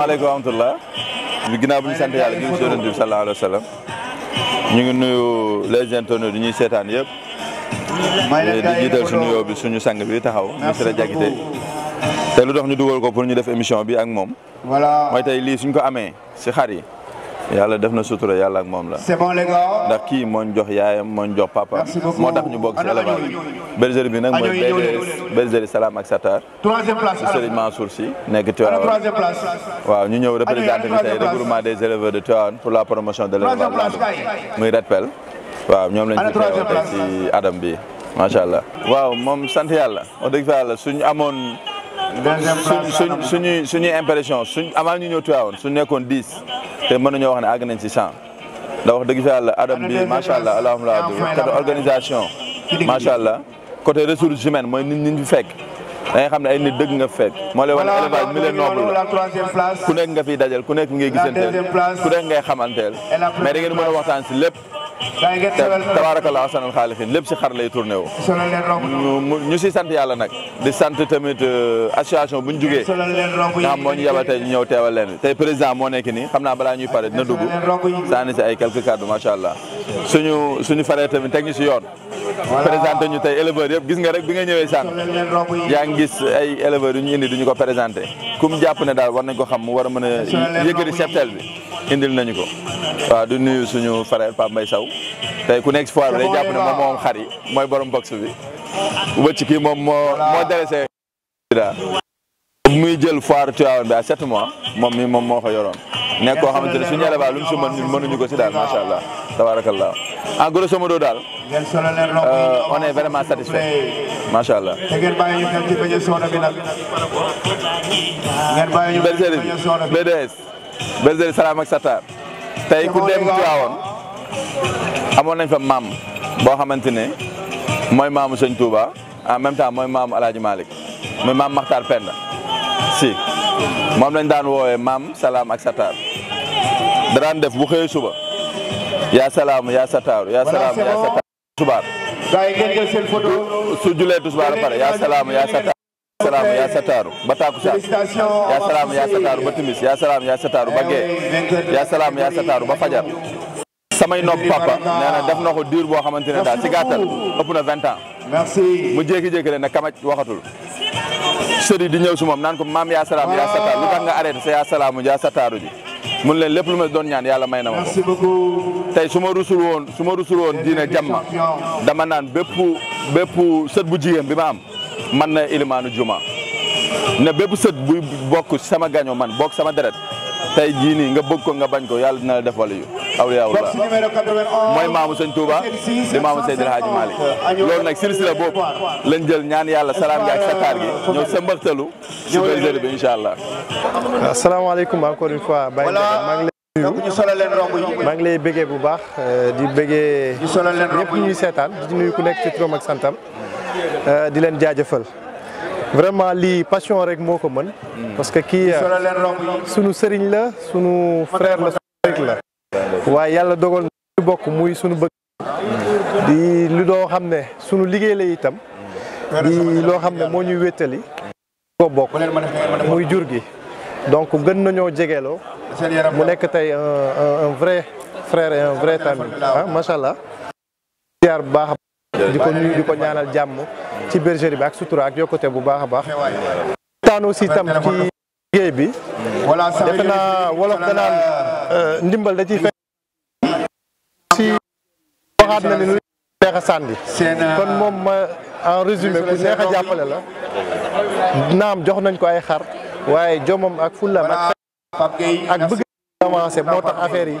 asalaamaaleykum wa rahmatulah. ginnaaw bi ñu sant yàlla julli ci yonent bi sallallahu alayhi wa sallam. ñu ngi nuyu les internautes yi ñuy seetaan yëpp. Eh, di jiital si nuyoo bi suñu sang bi taxaw Missirah Diakité. te lu tax ñu dugal ko pour ñu def émission bi ak moom. voilà mooy tey lii suñ ko amee si xar yi. yàlla def na sutura yàlla ak moom la. ndax kii moo ñu jox yaayam moo ñu jox papa. moo tax ñu bokk si élevage bergerie bi nag mooy bergerie bergerie ak Satar. troisième place Serigne Mansour nekk Tivaouane. waaw ñu ñëw représenté fi tey regroupement des éleveurs de Tivaouane pour la promotion de l'élevage muy REDPEL. waaw ñoom lañ ci teew tey ci adam bi macha allah. waaw moom sant yàlla wax dëgg fa yàlla suñu amoon. suñ suñuy suñuy impression suñ avant ñu ñëw Tivaouane suñ nekkoon dix te mën nañoo wax ne àgg nañ ci cent ndax wax dëgg fa yàlla adam bi macha allah alhamdulilah côté organisation macha allah côté ressources humaines mooy ni ñi ñu fekk da xam ne ay nit dëgg nga fekk moo lay wax ne élevage mi leen la ku nekk nga fiy dajal ku nekk mi ngay gisanteel ku nekk ngay xamanteel mais da ngeen mën a waxtaan si lépp yaa ngi te tabaarakallaa ahsanal xaaliqiin lépp si xar lay tourné wu. ñu si sant yàlla nag. di sant tamit association bu ñu jugee. nga xam moo ñu yabal tey ñu ñëw teewal leen tey président moo nekk nii xam naa balaa ñuy pare dina dugg. saani si ay quelques kàddu macha allah. suñu suñu faree tamit teg ñu si yoon. présenté ñu tey éleveurs yëpp gis nga rek bi nga ñëwee sànq yaa ngi gis ay éleveurs yu ñu indi duñu ko présenté kum jàpp ne daal war nañ ko xam mu war a mën a yëkkati cheptel bi indil nañu ko. waaw du nuyu suñu frère Pape Mbaye Sow tey ku nekk si foire bi day jàpp ne moom moom xar yi mooy borom box bi bu bëcc kii moom moo moo délaissé. muy jël foire Tivaouane bi à sept mois moom mi moom moo ko yoroon nekk koo xamante ne suñu élevage lu mu si mën ñun ko si macha allah. tabarakallah en grosso modo daal on est vraiment satisfait allah. te ngeen bàyyi ñu a soona a soona bi BDS ak Satar tey ku dem Tiwaawoon amoon nañ fa maam boo xamante ne mooy maamu Sëñ Touba en même temps mooy maamu El Hadj Malick maam Makhtar Penda si moom lañ daan woowee maam salaam ak Satar da daan def bu suba. yaa salaam yaa sataaru yaa salaam yaa sataaru tubaar gars yi ngeen jël su julee tusbaar pare yaa salaam yaa sataaru sataaru ba takusaan yaa salaam yaa sataaru ba timis yaa salaam yaa sataaru ba gee yaa salaam yaa sataaru ba fajar samay nopp papa nee na def ko diir boo xamante ne daal ci gàttal ëpp na vingt ans mu jékki-jékki leen ne kamaj waxatul sëriñ di ñëw si moom naan ko maam yaa salaam yaa sataaru lu tax nga arrêté sa salaamu yaa sataaru mun leen lépp lu ma doon ñaan yàlla may na ma ko tey su ma rusul woon suma ma rusul woon diine jàmma dama naan bépp bépp sët bu jigéen bi ma am man na ilimaanu juma ne bépp sët bu bokk sama gaño man bokk sama deret tey jii nii nga bëgg ko nga bañ ko yàlla dina la def waliyu awliyaawullah mooy maamu sëñ Touba di maamu Seydil Hadji Malick loolu nag silsila boobu lañ jël ñaan yàlla salaam gi ak sakkaar gi ñëw sëmbaxtalu superviseur bi incha allah asalaamaaleykum encore une fois Baye Ndiaga maa ngi lay bëggee bu baax eh, di bëggee ñëpp ñuy seetaan di nuyu ku nekk ci turam ak santam eh, di leen jaajëfal vraiment lii passion rek moo ko mën. Hmm. parce que kii sunu sëriñ la sunu frère la sunu rek la. waaye yàlla dogal na bokk muy sunu bëgg. di lu doo xam ne sunu liggéey la itam. di loo xam ne moo ñuy wettali ko bokk muy jur gi. donc gën nañoo jegeeloo. mu nekk tey un un vrai frère et un vrai ami ah macha allah. di ko nuyu di ko ñaanal jàmm. ci bergerie bi ak sutura ak yokkute bu baax a baax. waxtaan aussi tam ci liggéey bi. voilà defe naa wolof danaan euh, ndimbal da ciy fekk. si waxaat na ni lu neex a sànni. kon moom ma en résumé ku neex a jàppale la. naam jox nañ ko ay xar waaye jomam ak fulam ak. bëgg avancé moo tax affaire yi.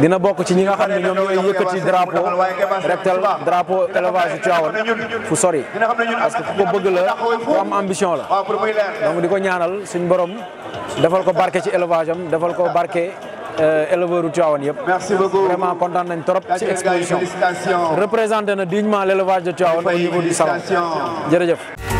dina bokk ci ñi nga xam ne ñoom ñooy yëkkati drapeau rektal drapeau élevage Tivaouane fu sori parce que ku ko bëgg la ku am ambition la donc di ko ñaanal suñ borom defal ko barke ci élevage am defal ko barke euh, éleveur u Tivaouane yëpp vraiment kontaan nañ trop ci exposition représenté na dignement l'élevage de Tivaouane au niveau du salon jërëjëf